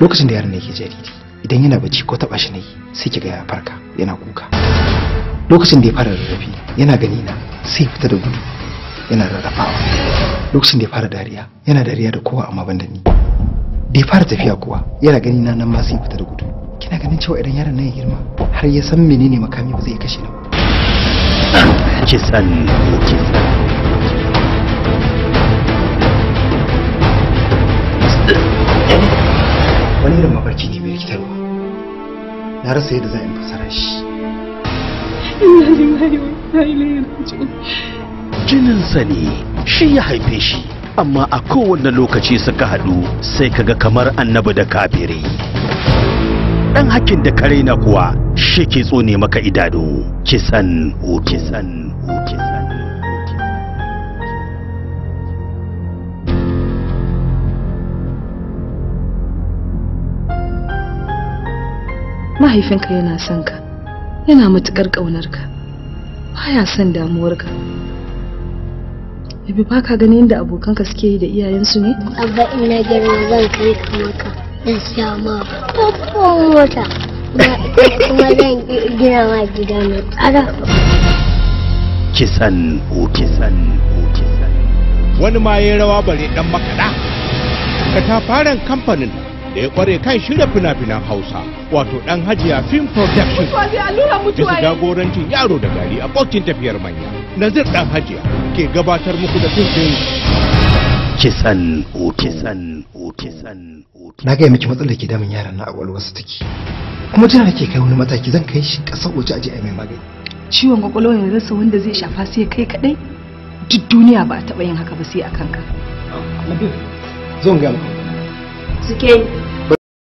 lokacin da yaron yake jariri idan yana bacci ko taba shi ne sai kiga ya farka yana kuka lokacin da ya fara rarrafe yana gani na sai fita da gudu yana rarrafawa lokacin da ya fara dariya yana dariya da kowa amma ban da ni da ya fara tafiya kuwa yana gani na nan ma sai fita da gudu kina ganin cewa idan yaron nan ya girma har ya san menene makami ba zai kashe na ba rikitarwa na rasa yadda zan fasara shi jininsa ne shi ya haife shi amma a kowane lokaci suka haɗu sai kaga kamar annabi da kafiri ɗan hakin da kare na kuwa shi ke tsone maka idado kisan kisan kisan mahaifinka yana son ka yana matuƙar ka baya son damuwarka yabi ba ka ganin yadda abokanka suke yi da iyayensu ne abba ina girma zan kai ka maka zan siya ma babban mota kuma zan gina ma gida mai tsada kisan oh, kisan oh, wani ma ya rawa bare dan makaɗa ka ta kamfanin da ya kware kan shirya fina-finan hausa wato dan hajiya film production da su jagorancin yaro da gari a bokin tafiyar manya nazir dan hajiya ke gabatar muku da fim din kisan hoto kisan na gaya miki matsalar ke damun yaran na akwai wasu take kuma tana ke kai wani mataki zan kai shi kasar waje aje a mai magani ciwon kwakwalwa ya rasa wanda zai shafa sai kai kadai duk duniya ba a taba yin haka ba sai a kanka